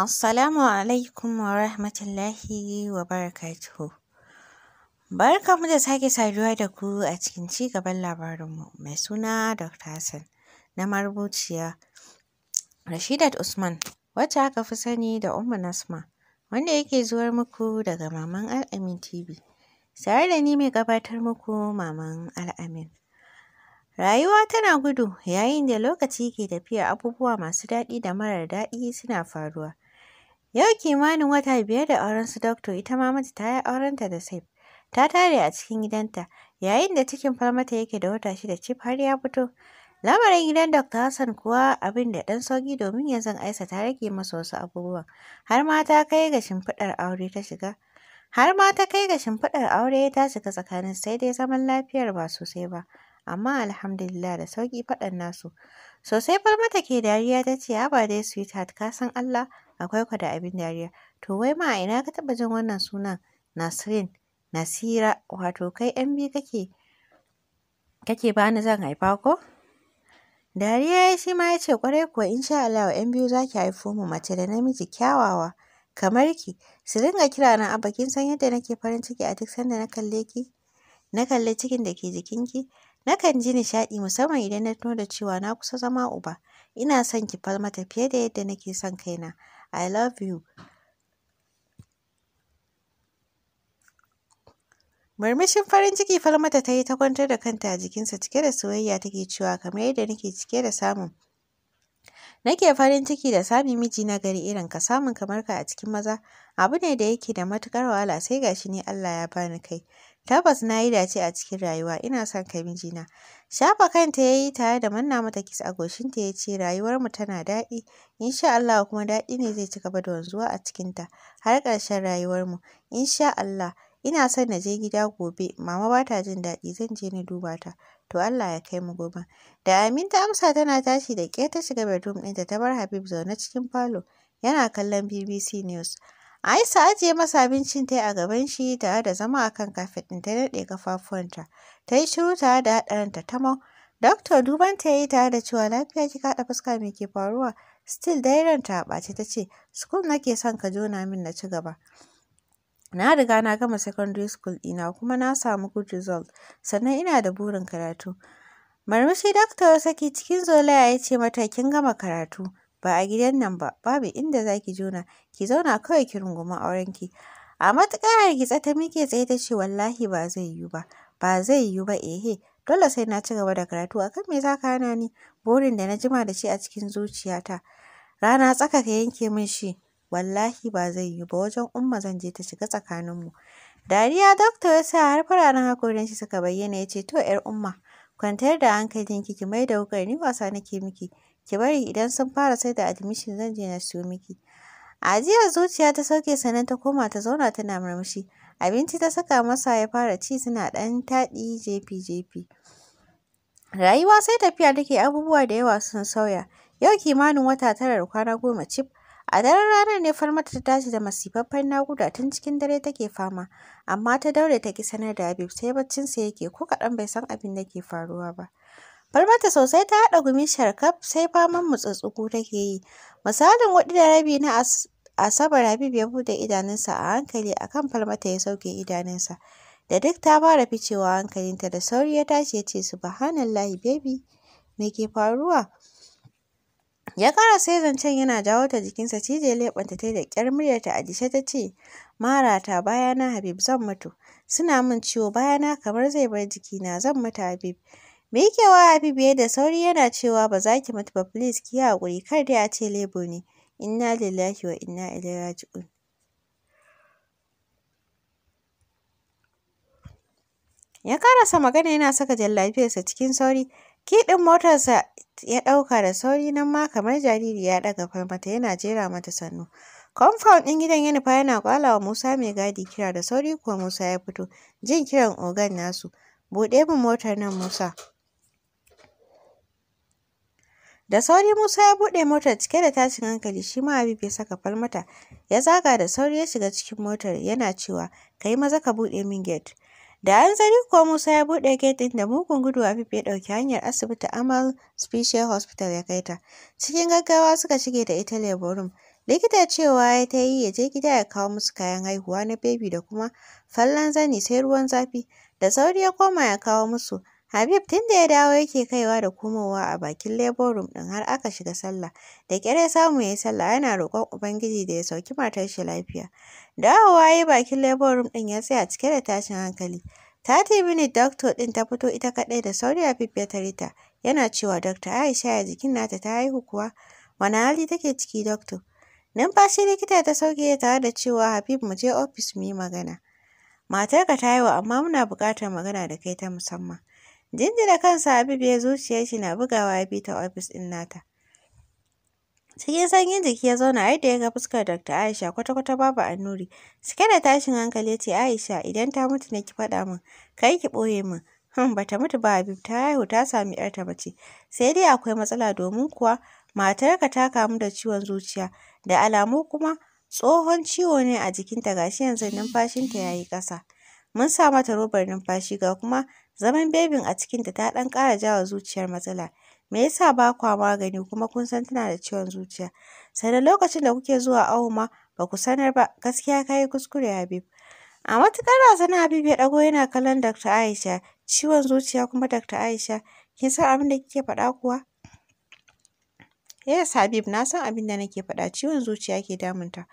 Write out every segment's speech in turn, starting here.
Assalamu alaikum wa rahmatullahi wa barakatuhu. mu da sake saduwa da ku a cikin ci gaban labarinmu mai suna Dr. Hassan na marubuciya Rashidat Usman wacce aka fi sani da Umma Nasma wanda yake zuwar muku daga Maman Al'amin TV. Tare da ni mai gabatar muku Maman Al'amin. Rayuwa tana gudu yayin da lokaci ke tafiya abubuwa masu daɗi da marar daɗi suna faruwa. Yau kimanin wata biyar da aurensu su Doctor ita ma mace ta yi aurenta da Saif. Ta tare a cikin gidanta yayin da cikin farmata yake da wata shida cif har ya fito. Lamarin gidan Dr. Hassan kuwa abin da ɗan sauki domin ya zan Aisa ta rage masa wasu abubuwan har ma ta kai ga shimfiɗar aure ta shiga. Har ma ta kai ga shimfiɗar aure ta shiga tsakanin sai dai zaman lafiyar ba sosai ba. Amma alhamdulillah da sauƙi faɗan nasu. Sosai farmata ke dariya ta ce haba dai sweetheart ka san Allah akwai ku abin dariya to wai ma a ina ka taba jin wannan sunan Nasirin Nasira wato kai yan biyu kake kake ni, zan haifa ko dariya ya shi ma ya ce kwarai kuwa insha Allah yan biyu za ki haifo mu mace da namiji kyawawa kamar ki su dinga kira na abba kin san yadda nake farin ciki a duk sanda na kalle ki na kalle cikin da ke jikin jikinki Nakan ji nishaɗi musamman idan na tuno da cewa na kusa zama uba. Ina son ki falmata fiye da yadda nake son kaina. I love you. Murmushin farin ciki Falmata ta yi ta kwantar da kanta a jikinsa cike da soyayya take cewa kamar yadda nake cike da samun. Nake farin ciki da sami miji na gari irin ka samun kamar ka a cikin maza abu ne da yake da matukar wahala sai gashi ne Allah ya bani kai. Tabbas na yi dace a cikin rayuwa, ina son ka mijina. Shafa kanta ya yi tare da manna mata kisa, a goshinta ya ce mu tana daɗi, insha Allah kuma daɗi ne zai ci gaba da wanzuwa a cikin ta har ƙarshen rayuwarmu, insha Allah. Ina son na je gida gobe, mama ba ta jin daɗi zan je na duba ta. To Allah ya kai mu gobe. Da Amin ta amsa tana tashi da ƙe ta shiga bedroom ɗinta ta bar Habib zaune cikin falo yana kallon BBC News. Aisha ajiye masa abincin ta yi a gaban shi tare da zama a kan kafet ɗin ta daɗe kafafuwanta. Ta yi shiru tare da haɗa ta, ta mau. Dokta duban ta yi tare da cewa lafiya ki kaɗa fuska mai ke faruwa. Still dai ranta a ɓace ta ce, School nake son ka jona min na ci gaba. Na riga na gama secondary school ɗina kuma na samu good result, sannan ina da burin karatu. Marmashi Dokta saki cikin zolaya ya ce mata, Kin gama karatu, ba a gidan nan ba babu inda zaki jona ki zauna kawai ki auren ki. a matuƙar hargitsa ta mike tsaye ta ce wallahi ba zai yiwu ba ba zai yiwu ba eh dole sai na ci gaba da karatu akan me za ka hana ni burin da na jima da shi a cikin zuciyata rana tsaka ka yanke min shi wallahi ba zai yiwu ba wajen umma zan je ta shiga mu dariya dokta ya sa har fararen hakorin shi suka bayyana ya ce to yar umma kwantar da hankalin ki mai da wukar ni wasa nake miki ki bari idan sun fara sai da admission zan je na siyo miki ajiyar zuciya ta sauke sannan ta koma ta zauna tana murmushi abinci ta saka masa ya fara ci suna ɗan taɗi jefi jefi rayuwa sai tafiya take abubuwa da yawa sun sauya yau kimanin wata tara da kwana goma cif a daren ranar ne farmata ta tashi da masifaffen naƙuda tun cikin dare take fama amma ta daure ta ki sanar da habib sai baccin sa yake ko kaɗan bai san abin da ke faruwa ba Falmata sosai ta haɗa gumin sharkaf sai faman mutsutsuku take yi. Misalin huɗu da rabi na Asabar Habib ya buɗe idanunsa a hankali akan Falmata ya sauke idanunsa. Da duk ta fara ficewa hankalinta da sauri ya tashi ya ce subhanallahi baby me ke faruwa? Ya kara sai zancen yana jawo ta jikinsa cije leɓanta ta da kyar muryarta a dishe ta ce marata bayana Habib zan mutu suna min ciwo bayana kamar zai bar jiki na zan mutu Habib. Miƙewa yake wa Habibu da sauri yana cewa ba za ki mutu ba please ki yi haƙuri kar dai a ce Lebo ne. Inna lillahi wa inna ilaihi raji'un. Ya karasa magana yana saka sa cikin sauri. Kiɗin motarsa ya ɗauka da sauri nan ma kamar jariri ya ɗaga farmata yana jera mata sannu. Compound ɗin gidan yana fa yana kwalawa Musa mai gadi kira da sauri kuwa Musa ya fito. Jin kiran ogan nasu. Buɗe min motar nan Musa. Da sauri Musa ya buɗe motar cike da tashin hankali shi ma Habib ya saka falmata. Ya zaga da sauri ya shiga cikin motar yana cewa ka yi maza ka buɗe min gate. Da an zari kuwa Musa ya buɗe gate ɗin da mugun gudu Habib ya ɗauki hanyar asibiti Amal Special Hospital ya kai ta. Cikin gaggawa suka shige da ita leborum. Likita cewa ya ta yi ya je gida ya kawo musu kayan haihuwa na baby da kuma fallan zani sai ruwan zafi. Da sauri ya koma ya kawo musu. Habib tun da ya dawo yake kaiwa da komowa a bakin Labour Room ɗin har aka shiga sallah. Da ƙyar ya samu ya yi sallah yana roƙon Ubangiji da ya sauki matar shi lafiya. Dawowa ya yi bakin Labour Room ɗin ya tsaya cike da tashin hankali. Tati minute doctor ɗin ta fito ita kadai da sauri Habib ya tare ta. Yana cewa Dr. Aisha ya jikin nata ta haihu kuwa. Wani hali take ciki doctor? Numfashi likita ta sauke tare da cewa Habib mu je ofis mu yi magana. Matarka ta haihu amma muna buƙatar magana da kai ta musamman. Jinjina kansa Habib ya zuciyar shi na bugawa ya bi ta ofis ɗin nata. Cikin sanyin jiki ya zauna yadda ya ga fuskar Dr. Aisha kwata-kwata babu annuri. Cike da tashin hankali ya ce Aisha idan ta mutu ne ki faɗa min, kai ki ɓoye min. Hmm, bata mutu ba Habib ta haihu ta sami ‘yarta mace. Sai dai akwai matsala domin kuwa matarka ta kamu da ciwon zuciya da alamu kuma tsohon ciwo ne a jikinta gashi yanzu numfashinta ya yi ƙasa. Mun sa mata robar numfashi ga kuma Zaman bebin a cikin ta ɗan ƙara jawa zuciyar matsala. Me yasa ba kwa magani kuma kun san tana da ciwon zuciya? Sannan lokacin da kuke zuwa awo ma ba ku sanar ba, gaskiya ka yi kuskure Habib. A matuƙar razana Habib ya ɗago yana kallon Dr. Aisha, ciwon zuciya kuma Dr. Aisha, kin san abin da kike faɗa kuwa? Yes Habib, na san abin da nake faɗa, ciwon zuciya ke damunta.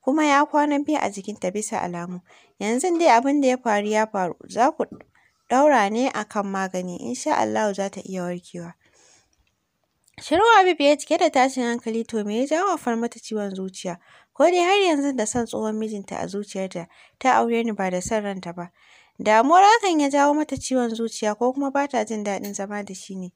Kuma ya kwana biyu a jikinta bisa alamu. Yanzu dai abin da ya faru ya faru, za ku ɗaura ne a kan magani insha Allahu za ta iya warkewa. Shirwa Habibu ya cike da tashin hankali to me ya jawo far mata ciwon zuciya? Ko dai har yanzu da son tsohon mijinta a zuciyarta ta aure ni ba da son ranta ba. Damuwar hakan ya jawo mata ciwon zuciya ko kuma ba ta jin daɗin zama da shi ne.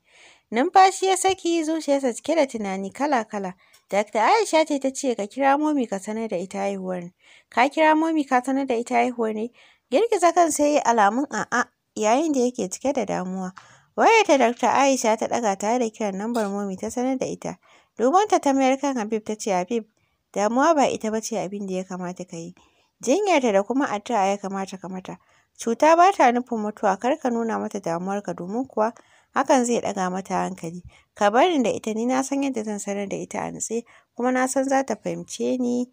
Numfashi ya saki zuciyarsa cike da tunani kala-kala. Dr. Aisha ce ta ce ka kira momi ka sanar da ita haihuwar. Ka kira momi ka sanar da ita haihuwar ne? Girgiza kan sai alamun a'a. yayin da yake cike da damuwa. Wayar da Dr. Aisha ta ɗaga tare da kiran lambar Momi ta sanar da ita. Dubanta ta mayar kan Habib ta ce Habib, damuwa ba ita ba ce abin da ya kamata ka yi. Jinyarta da kuma addu'a ya kamata ka mata. Cuta ba ta nufin mutuwa kar ka nuna mata damuwarka domin kuwa hakan zai ɗaga mata hankali. Ka bari da ita ni na san yadda zan sanar da ita a nutse kuma na san za ta fahimce ni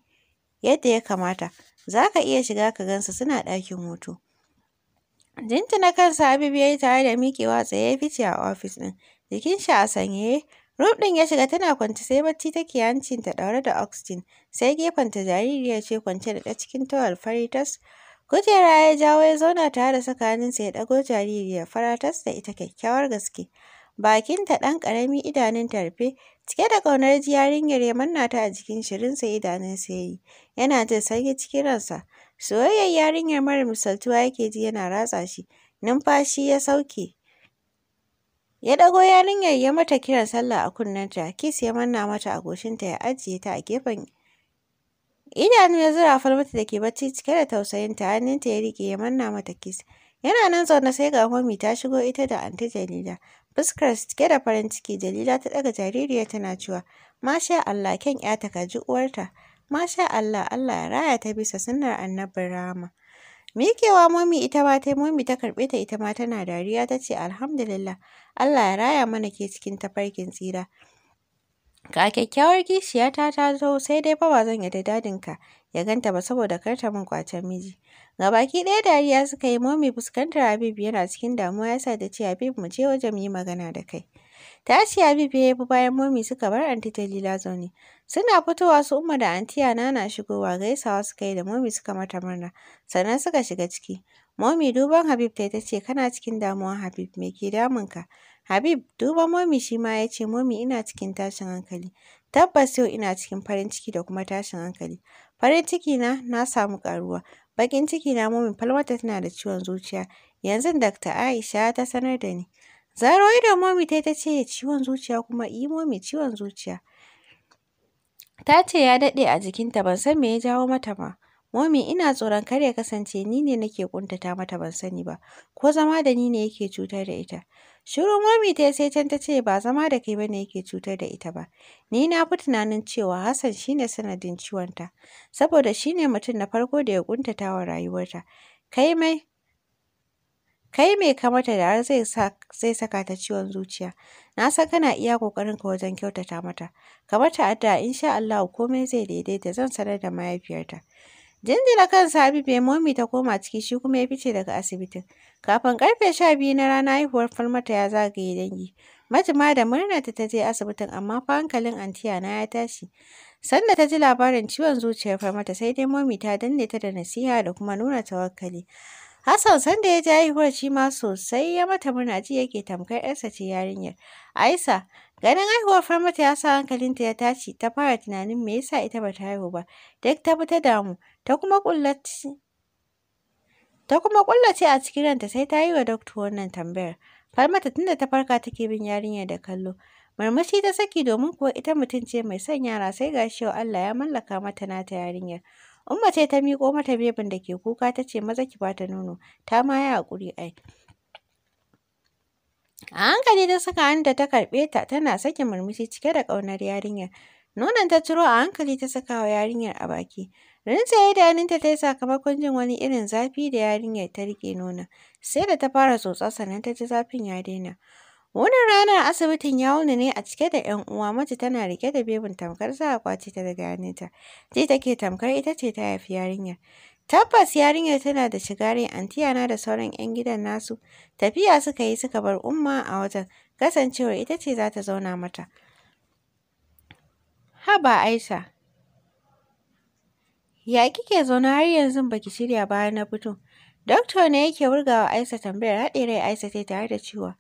yadda ya kamata. Za ka iya shiga ka gansa suna ɗakin hutu. Jinjina kansa Habibu ya yi tare da miƙewa tsaye ya fice a ofis ɗin. Jikin shi a sanye. Rub ɗin ya shiga tana kwance sai bacci take ta ɗaure da oxygen. Sai gefen ta jaririyar ce kwance da ta cikin tawal fari tas. Kujera ya jawo ya zauna tare da saka hannunsa ya ɗago jaririyar faratas da ita kyakkyawar gaske. Bakinta ɗan ƙarami idanun tarfe. Cike da ƙaunar ji yarinyar ya manna ta a jikin shirinsa idanunsa ya yi. Yana jin sanyi cikin ransa. Soyayyar yarinyar mara misaltuwa yake ji yana ratsa shi, numfashi ya sauke. Ya ɗago yarinyar ya mata kiran sallah a kunnen kunnenta, Kis ya manna mata a goshinta ya ajiye ta a gefen idanu ya zura mata da ke bacci cike da tausayin tausayinta, hannunta ya rike ya manna mata kis Yana nan zaune sai ga homi ta shigo ita da Aunty Jalila. Fuskar cike da farin ciki, Jalila ta ɗaga jaririya tana cewa, Masha Allah, kyan 'ya ka ji uwarta. Masha Allah, Allah ya raya ta bisa sunnar annabin rahama. Mikewa momi ita ma ta momi ta karɓe ta ita ma tana dariya ta ce alhamdulillah Allah ya raya mana ke cikin tafarkin tsira. Ga kyakkyawar kishiyata ta zo sai dai fa ba zan dadin ka ya ganta ba saboda kar ta min kwacen miji. Ga baki ɗaya dariya suka yi momi fuskantar Habib yana cikin damuwa ya sa ta ce Habib mu je waje mu yi magana da kai. Tashi Habibu ya bi bayan momi suka bar anti Jalila zaune. Suna fitowa su Umma da anti Yana na shigowa gaisawa suka yi da momi suka mata murna. Sannan suka shiga ciki. Momi duban Habib ta ce kana cikin damuwa Habib me ke damun ka?" Habib duban momi shi ma ya ce momi ina cikin tashin hankali. Tabbas yau ina cikin farin ciki da kuma tashin hankali. Farin ciki na na samu karuwa. Bakin ciki na momi falmata tana da ciwon zuciya. Yanzu Dr. Aisha ta sanar da ni. Zaro idon momi tai ta ce ciwon zuciya kuma i momi ciwon zuciya. Ta ce ya daɗe a jikinta ban san me ya jawo mata ba. Momi ina tsoron kar ya kasance ni ne nake kuntata mata ban sani ba, ko zama da ni ne yake cutar da ita. Shiru momi ta sai can ta ce ba zama da kai bane yake cutar da ita ba. Ni na fi tunanin cewa Hassan shine sanadin ciwonta, saboda shine mutum na farko da ya kuntata wa rayuwarta. Kai mai kai mai ka mata da har zai saka ta ciwon zuciya na san kana iya kokarin ka wajen kyautata mata ka mata addu'a insha Allah komai zai daidaita zan sanar da mahaifiyarta jinjina kan Sabi ya momi ta koma ciki shi kuma ya fice daga asibitin kafin karfe sha biyu na rana haihuwar falmata ya zagaye dangi majima da murna ta je asibitin amma fa hankalin antiya na ya tashi sanda ta ji labarin ciwon zuciyar farmata sai dai momi ta danne ta da nasiha da kuma nuna tawakkali Hassan sanda ya ji haihuwar shi ma sosai ya mata murna ji yake tamkar ‘yarsa ce yarinyar. Aisha, ganin haihuwar Farmata ya sa hankalinta ya tashi ta fara tunanin me yasa ita ba ta haihu ba. Duk ta fita ta damu, ta kuma kullace ta kuma kullace a cikin ranta sai ta yi wa dokta wannan tambayar. Farmata tunda ta farka take bin yarinyar da kallo. Marmashi ta saki domin kuwa ita mutum ce mai son yara sai ga shi Allah ya mallaka mata nata yarinyar. Umma ce ta miƙo mata bebin da ke kuka ta ce maza ki bata nono, ta ma yi haƙuri ai. A hankali ta saka da ta karɓe ta tana sake murmushi cike da ƙaunar yarinyar. Nonon ta ciro a hankali ta saka wa yarinyar a baki. Rinsa idanunta ta yi sakamakon jin wani irin zafi da yarinyar ta riƙe nonon. Sai da ta fara tsotsa sannan ta ji zafin ya daina. Wannan rana asibitin ya wuni ne a cike da ‘yan uwa. Mace tana rike da bebin tamkar sa a ta daga hannunta. Ji take tamkar ita ce ta haifi yarinyar. Tabbas yarinyar tana da shigari antiyana da sauran 'yan gidan nasu. Tafiya suka yi suka bar Umma a wajen, kasancewar ita ce za ta zauna mata. Haba Aisha, ya kike zaune har yanzu baki shirya bayan na fito? Doctor ne yake wurgawa Aisha tambayar haɗe rai Aisha tai tare da cewa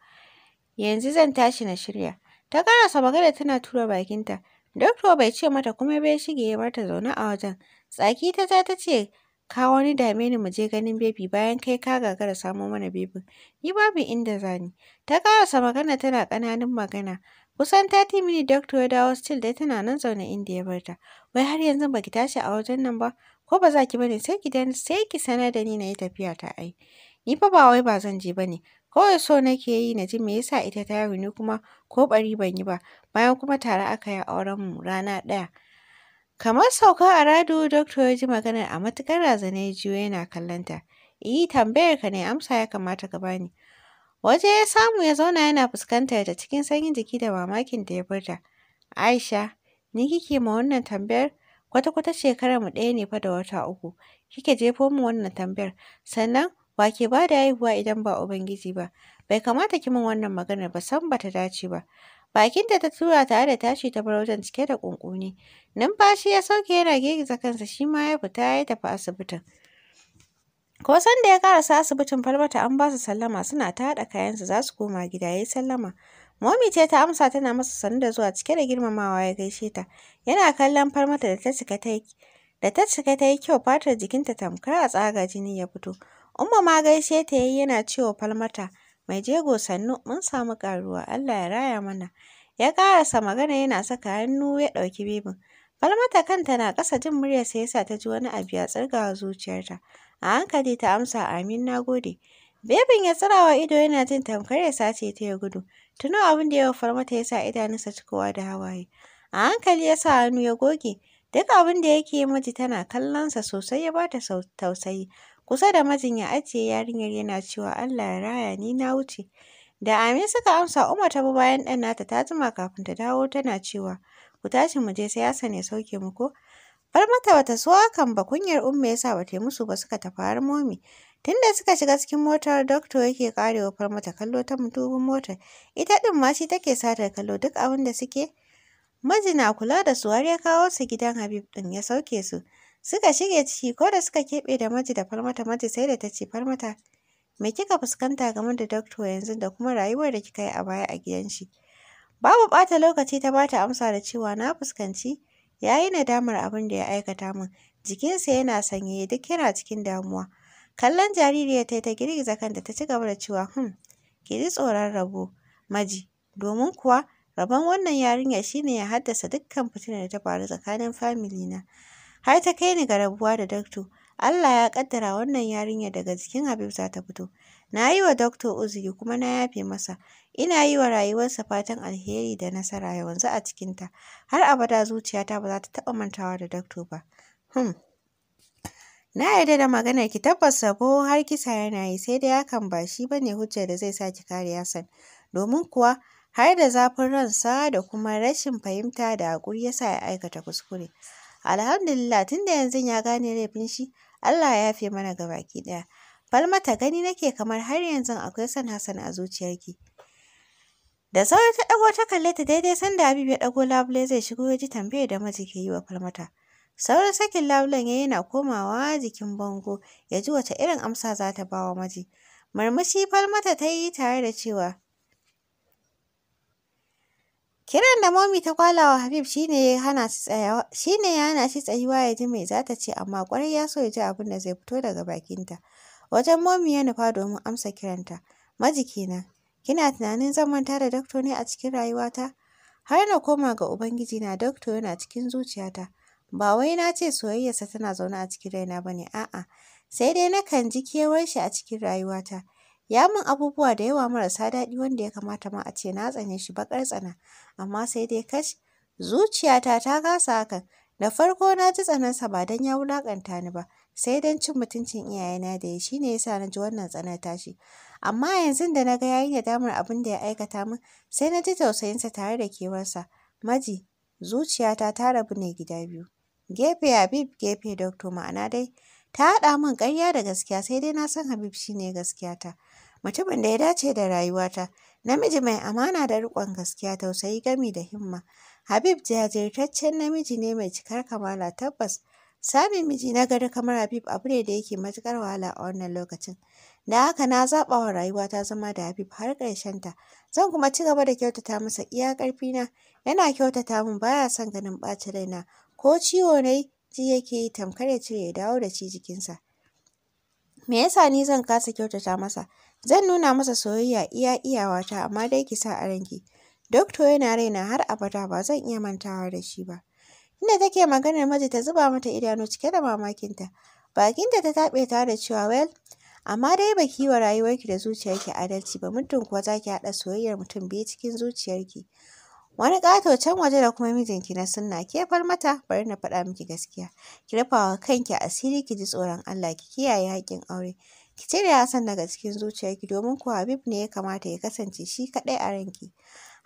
Yanzu zan tashi na shirya. Ta karasa magana tana tura bakinta. Dokto bai ce mata kuma bai shige ya barta zaune a wajen. Tsaki ta ta ta ce, ka wani dame ni mu je ganin bebi bayan kai ka gagara samo mana bebi Ni babu inda zani. Ta karasa magana tana ƙananun magana. Kusan tati mini doctor ya dawo still dai tana nan zaune inda ya barta. Wai har yanzu baki tashi a wajen nan ba? Ko ba za ki bane sai ki dan sai ki sanar da ni na yi tafiya ta ai. Ni fa ba wai ba zan je bane. Kawai so nake yi na ji me yasa ita ta yi ni kuma ko bari ban yi ba, bayan kuma tare aka yi auren mu rana ɗaya. Kamar sauka a rado, Doctor ya ji maganar a matukar razana ya juyo yana kallonta. eh tambayar ka ne amsa ya kamata ka bani." Waje ya samu ya zauna yana fuskantar ta cikin sanyin jiki da mamakin da ya furta. "Aisha, ni kike ma wannan tambayar? Kwata-kwata shekarar mu ɗaya ne fa da wata uku. Kike jefo mu wannan tambayar, sannan wa ke ba da haihuwa idan ba Ubangiji ba, bai kamata ki min wannan maganar ba san ba ta dace ba. Bakinta ta tura tare da tashi ta bar wajen cike da ƙunƙuni. Numfashi ya sauke yana girgiza kansa shi ma ya fita ya tafi asibitin. Ko san da ya karasa asibitin falmata an ba su sallama suna ta haɗa kayansu za su koma gida ya yi sallama. Momi ce ta amsa tana masa sanu da zuwa cike da girmamawa ya gaishe ta. Yana kallon farmata da ta da ta cika ta yi kyau fatar jikinta tamkar a tsaga jini ya fito. Umma ma gaishe ta yi yana cewa Falmata, mai jego sannu mun samu karuwa Allah ya raya mana. Ya karasa magana yana saka hannu ya ɗauki bebin. Falmata kanta na ƙasa jin murya muryarsa yasa ta ji wani abu ya tsirgawa zuciyarta. A hankali ta amsa amin na gode. Bebin ya tsirawa ido yana jin tamkar ya sace ta ya gudu. Tuno abin da yawa Falmata ya sa idanunsa cikowa da hawaye. A hankali ya sa hannu ya goge. Duk abin da yake miji tana kallonsa sosai ya bata tausayi. kusa da mijin ya ajiye yarinyar yana cewa Allah ya raya ni na wuce. Da amin suka amsa Umar ta bi bayan ɗan nata ta jima kafin ta dawo tana cewa ku tashi mu je sai Hassan ya sauke mu ko. Bar mata bata so hakan ba kunyar Umma yasa bata yi musu ba suka tafi har momi. Tunda suka shiga cikin motar doctor yake karewa far mata kallo ta mutubin motar. Ita din ma shi take sata kallo duk abin da suke. Majina kula da su har ya kawo su gidan Habib din ya sauke su. Suka shige ciki ko da suka keɓe da maji da farmata maji sai da ta ce farmata me kika fuskanta game da doctor yanzu da kuma rayuwar da kika yi a baya a gidan shi. Babu ɓata lokaci ta bata amsa da cewa na fuskanci ya yi nadamar abin da ya aikata min jikinsa yana sanye duk yana cikin damuwa. Kallon jaririyar ta ta girgiza kanta ta ci gaba da cewa hmm ki ji tsoron rabo maji domin kuwa rabon wannan yarinya shine ya haddasa dukkan fitinar da ta faru tsakanin famili na. har ta kai ni ga rabuwa da dakto Allah ya ƙaddara wannan yarinya daga jikin Habib za ta fito na yi wa dakto uzuri kuma na yafe masa ina yi wa rayuwarsa fatan alheri da nasara yanzu a cikinta har abada zuciyata ba za ta taɓa mantawa da dakto ba hmm. Na yarda da maganar ki tabbas sabo har kisa yana yi sai dai hakan ba shi bane hujjar da zai sa ki kare Hassan. Domin kuwa har da zafin ransa da kuma rashin fahimta da haƙuri ya sa ya aikata kuskure. alhamdulillah da yanzu ya gane laifin shi Allah ya fi mana ga baki ɗaya falmata gani nake kamar har yanzu akwai son Hassan a zuciyarki da sauri ta ɗago ta kalle ta daidai sanda Habib ya ɗago labule zai shigo ya ji tambayar da miji ke yi wa falmata saurin sakin labulen ya yana komawa jikin bango ya ji wace irin amsa za ta ba wa maji murmushi falmata ta yi tare da cewa Kiran da Momi ta kwala wa Habib shine ya hana shi tsayawa, shine ya hana shi tsayuwa ya ji mai zata ta ce amma kwarai ya so ya ji abin da zai fito daga bakinta. Wajen Momi ya nufa domin amsa kiranta. Majikina, kina tunanin zan manta da dokto ne a cikin rayuwata? Har na koma ga Ubangiji na dokto yana cikin zuciyata. Ba wai na ce soyayyarsa tana zaune a cikin raina ba ne, a'a. Sai dai nakan ji kewar shi a cikin rayuwata. Ya min abubuwa da yawa marasa daɗi wanda ya kamata ma a ce na tsane shi baƙar tsana, amma sai dai kash, zuciyata ta kasa hakan. Da farko na ji tsanansa ba don ya wulaƙanta ni ba, sai don cin mutuncin iyayena da ya shi ne ya sa na ji wannan tsanar tashi. Amma yanzu da na ga ya damar abin da ya aikata min, sai na ji tausayinsa tare da kewarsa. Maji, zuciyata ta rabu ne gida biyu. Gefe Habib, gefe Doctor ma'ana dai, ta haɗa min ƙarya da gaskiya sai dai na san Habib shine gaskiyata. mutumin da ya dace da rayuwata namiji mai amana da riƙon gaskiya tausayi gami da himma habib jajirtaccen namiji ne mai cikar kamala tabbas samun miji na gari kamar habib abu ne da yake matuƙar wahala a wannan lokacin da haka na zaɓa wa rayuwa ta zama da habib har ta. zan kuma ci gaba da kyautata masa iya ƙarfina yana kyautata min baya son ganin ɓacin na. ko ciwo na ji yake yi tamkar ya cire ya dawo da ci jikinsa me yasa ni zan kasa kyautata masa Zan nuna masa soyayya iya iyawata amma dai ki sa a ranki. Dokto yana raina har abada ba zan iya mantawa da shi ba. Inda take maganar maji ta zuba mata idanu cike da mamakinta. Bakinta ta taɓe ta da cewa well amma dai ba ki yi wa rayuwarki da zuciyarki adalci ba muddin kuwa zaki ki haɗa soyayyar mutum biyu cikin zuciyarki. Wani ƙato can waje da kuma mijinki na sunna ke far mata bari na faɗa miki gaskiya. Ki rufa wa kanki asiri ki ji tsoron Allah ki kiyaye haƙƙin aure. Ki cire Hassan daga cikin zuciyarki domin ku Habib ne ya kamata ya kasance shi kaɗai a ranki.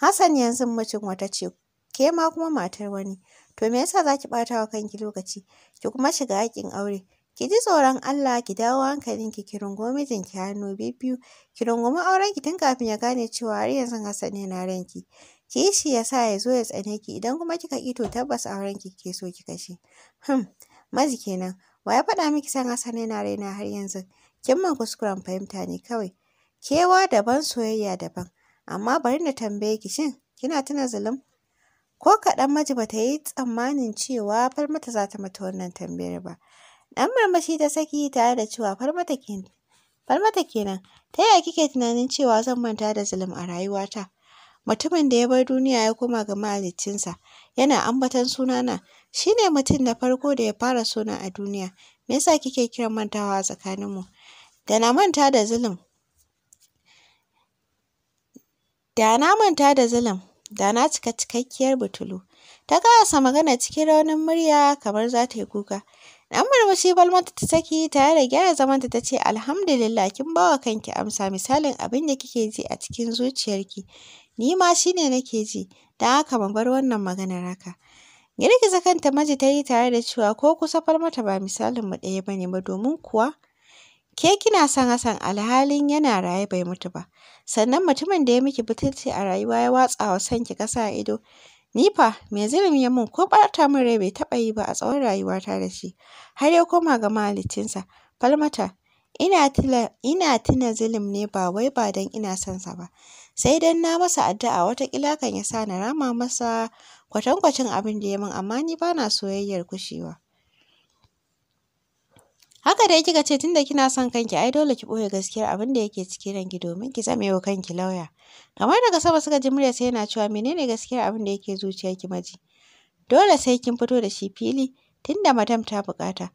Hassan yanzu mutum wata ce, ke ma kuma matar wani. To me yasa zaki bata wa kanki lokaci, ki kuma shiga haƙƙin aure. Ki ji tsoron Allah, ki dawo hankalinki, ki mijin ki hannu biyu, ki rungumi ki tun kafin ya gane cewa har yanzu Hassan ne na ranki. Ki yi shi ya sa ya zo ya tsane ki, idan kuma kika kito to tabbas ki kike so ki kashe. Hmm, mazi kenan. Wa ya faɗa miki san Hassan yana raina har yanzu? Kin man kuskuren fahimta ne kawai. Kewa daban soyayya daban. Amma bari na tambaye ki shin kina tuna zulum? Ko kaɗan maji ba ta yi tsammanin cewa farmata za ta mata wannan tambayar ba. Ɗan marmashi ta saki tare da cewa farmata kenan. farmata kenan, ta yaya kike tunanin cewa zan manta da zulum a rayuwata? Mutumin da ya bar duniya ya koma ga mahaliccinsa, yana ambaton sunana, Shi ne mutum na farko da ya fara sona a duniya. Me yasa kike kiran mantawa a tsakaninmu? Da na manta da zulum. Da na manta da zulum, da na cika cikakkiyar butulu. Ta kasa magana cikin raunin murya kamar za ta yi kuka. Dan murmushi Balmata ta saki tare da gyara zamanta ta ce alhamdulillah kin bawa kanki amsa misalin abin da kike ji a cikin zuciyarki. Ni ma shine nake ji, dan haka ban bar wannan maganar haka. Girgiza kanta Maji ta yi tare da cewa ko kusa far mata ba misalinmu ɗaya bane ne ba domin kuwa ke kina son Hassan alhalin yana raye bai mutu ba. Sannan mutumin da ya miki butulci a rayuwa ya watsa wa sanki ƙasa a ido. Ni fa me zulumi ya mun ko ɓata mun rai bai taɓa yi ba a tsawon rayuwata da shi. Har ya koma ga mahaliccinsa. Falmata ina tuna zulum ne ba wai ba don ina son sa ba. Sai don na masa addu'a wata kan ya sa na rama masa kwatankwacin abin da ya min amma ni ba na soyayyar kushewa. Haka dai kika ce tunda kina son kanki ai dole ki ɓoye gaskiyar abin da yake cikin ranki domin ki zame wa kanki lauya. Kamar daga sama suka ji murya sai yana cewa menene gaskiyar abin da yake ki maji. Dole sai kin fito da shi fili tunda madam ta buƙata.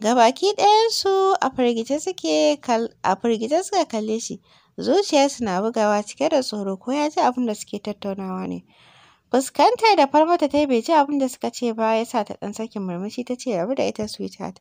Gabaki ɗayansu a firgice suke a firgice suka kalle shi zuciyarsu na bugawa cike da tsoro ko ya ji abin da suke tattaunawa ne. Fuskantar da Falmata ta yi bai ji abin da suka ce ba ya sa ta ɗan sakin murmushi ta ce rabu da ita sweetheart.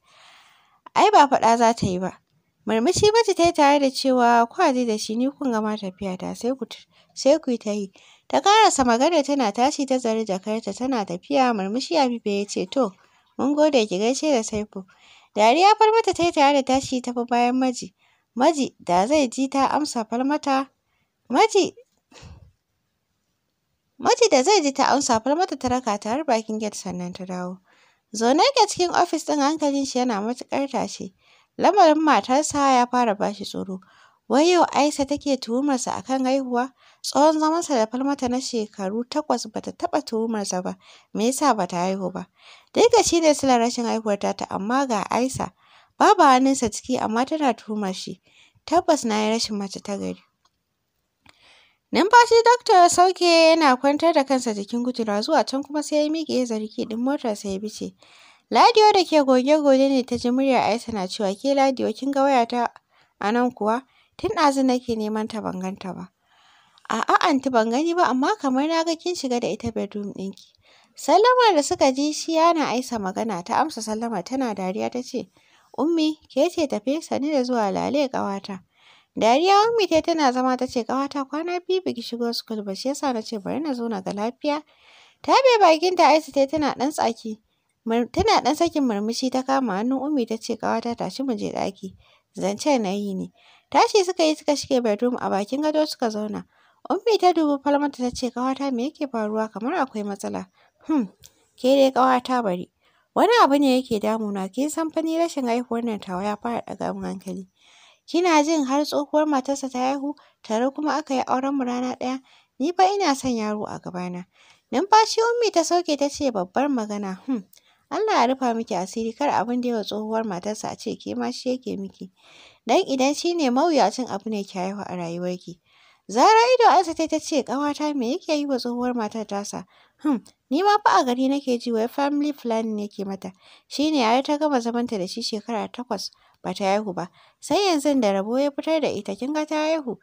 Ai ba faɗa za ta yi ba. Murmushi Bacci ta yi tare da cewa kwa da shi ni kun gama tafiya ta sai ku sai ta yi. Ta karasa magana tana tashi ta zari jakarta tana tafiya murmushi Habiba ya ce to mun gode ki gaishe da Saifu. Dariya Falmata ta yi tare da tashi ta bi bayan Maji. Maji da zai ji ta amsa Falmata. Maji mace da zai ji ta amsa far mata ta raka ta har bakin gate sannan ta dawo. Zaune ke cikin ofis ɗin hankalin shi yana matukar tashi. Lamarin matarsa ya fara bashi tsoro. Wai yau Aisha take tuhumarsa akan haihuwa? Tsawon zamansa da falmata na shekaru takwas bata taɓa tuhumarsa ba. Me yasa bata haihu ba? Dai ga shi ne silar rashin haihuwar ta ta, amma ga Aisha babu hannunsa ciki amma tana tuhumar shi. Tabbas na yi rashin mace ta gari. Numfashi shi ya sauke yana kwantar da kansa jikin gujura zuwa can kuma sai ya miƙe ya zargi ɗin motarsa ya bice. Ladiyo da ke goge-goge ne ta ji murya Aisha na cewa ke Ladiyo kin ga waya ta a nan kuwa? Tun ɗazu nake neman ta ban ganta ba. A'a anti ban gani ba amma kamar na ga kin shiga da ita bedroom ɗinki. Sallamar da suka ji shi yana aisa magana ta amsa sallama tana dariya ta ce, Ummi ke ce tafe sani da zuwa lale kawata." Dariya Ummi ta tana zama ta ce ƙawata kwana biyu biki shigo school ba shi yasa na ce bari na zo na ga lafiya. Ta bai bakin ta Aisha tai tana ɗan tsaki. Tana dan sakin murmushi ta kama hannun Ummi ta ce ƙawata tashi mu je ɗaki. Zancen na yi ne. Tashi suka yi suka shige bedroom a bakin gado suka zauna. Ummi ta dubi falmata ta ce ƙawata me yake faruwa kamar akwai matsala. Hmm, ke dai ƙawata bari. Wani abu ne yake damuna, kin san fa ni rashin haihuwar nan tawa ya fara ɗaga min hankali. Kina jin har tsohuwar matarsa ta haihu tare kuma aka yi auren mu rana ɗaya? Ni fa ina son yaro a gabana. Numfashi Ummi ta sauke ta ce babbar magana. Hmm. Allah ya rufa miki asiri kar abin da yawa tsohuwar matarsa a ce ke ma shi yake miki. Dan idan shi ne mawuyacin abu ne ki haihu a rayuwarki. Zara ido Aisha ta ce kawata me yake yi wa tsohuwar matar tasa? Hmm. Ni ma fa a gari nake ji wai family planning yake mata. Shi ne ya ta gama zamanta da shi shekara takwas ba ta haihu ba sai yanzu da rabo ya fitar da ita kin ga ta haihu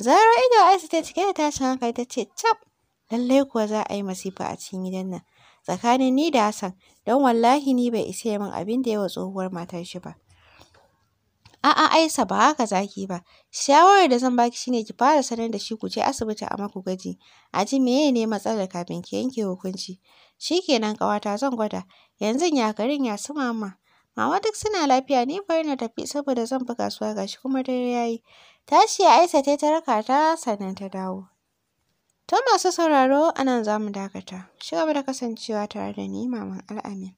zaro ido aisa ta cike da tashin hankali ta ce cap lallai kuwa za a yi masifa a cikin gidan nan tsakanin ni da Hassan don wallahi ni bai isa min abin da wa tsohuwar matar shi ba a'a Aisa ba haka zaki ba shawarar da zan baki shine ki fara sanar da shi ku je asibiti a maku gwaji a ji meye ne matsalar kafin ki yanke hukunci shikenan ƙawata zan gwada yanzu ya garin ya su mama Mama duk suna lafiya ni bari na tafi saboda zan fi kasuwa gashi kuma dare yayi yi. Tashi Aisha ta ta raka ta sannan ta dawo. To masu sauraro anan zamu mu dakata. Shi gaba da kasancewa tare da ni Maman Al'amin.